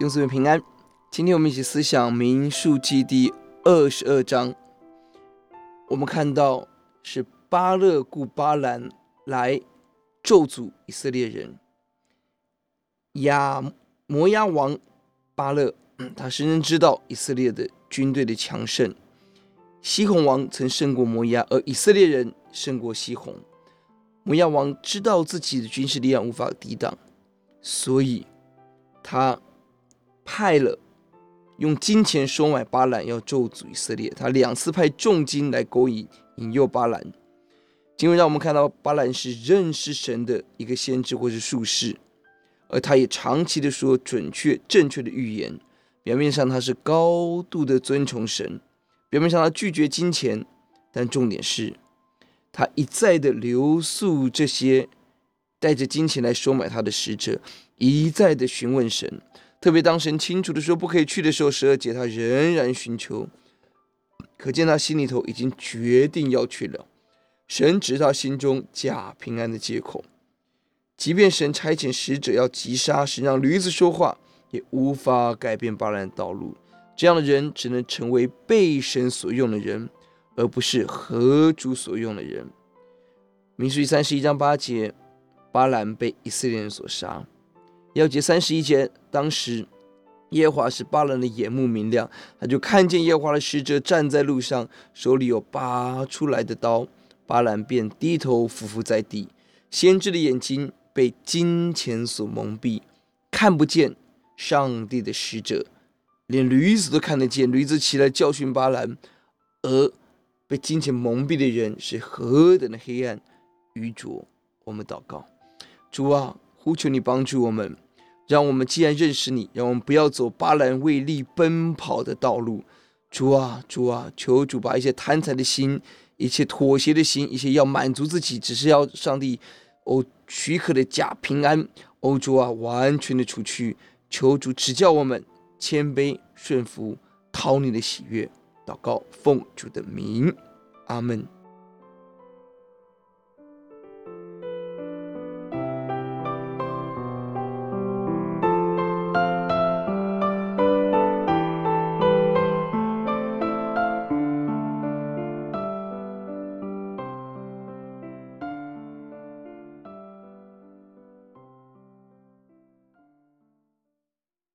願歲月平安。今天我們一起思想《民數記》第二十二章。我們看到是巴勒僱巴蘭來咒詛以色列人。呀，摩押王巴勒，嗯，他深深知道以色列的軍隊的強盛。西宏王曾勝過摩押，而以色列人勝過西宏。摩押王知道自己的軍事力量無法抵擋，所以他，派了用金錢收買巴蘭，要咒詛以色列。他兩次派重金來勾引、引誘巴蘭。因為讓我們看到，巴蘭是認識神的一個先知或是術士，而他也長期的說準確、正確的預言。表面上他是高度的尊崇神，表面上他拒絕金錢，但重點是，他一再的留宿這些帶着金錢來收買他的使者，一再的詢問神。特別當神清楚的說不可以去的時候，十二節他仍然尋求，可見他心裡頭已經決定要去了。神只是他心中假平安的借口，即便神差遣使者要擊殺，神讓驢子說話也無法改變巴蘭的道路。這樣的人只能成為被神所用的人，而不是合主所用的人。民數記三十一章八節，巴蘭被以色列人所殺。鑰節三十一節。當時，耶和華使巴蘭的眼目明亮，他就看見耶和華的使者站在路上，手裏有拔出來的刀。巴蘭便低頭俯伏在地。先知的眼睛被金錢所蒙蔽，看不見上帝的使者，連驢子都看得見。驢子起來教訓巴蘭，而被金錢蒙蔽的人是何等的黑暗愚拙！我們禱告，主啊。求求你幫助我們，讓我們既然認識你，讓我們不要走巴蘭為利奔跑的道路。主啊，主啊，求主把一些貪財的心、一些妥協的心、一些要滿足自己、只是要上帝哦許可的假平安、歐、哦、主啊完全的除去。求主指教我們謙卑、順服、討你的喜悅。禱告，奉主的名，阿門。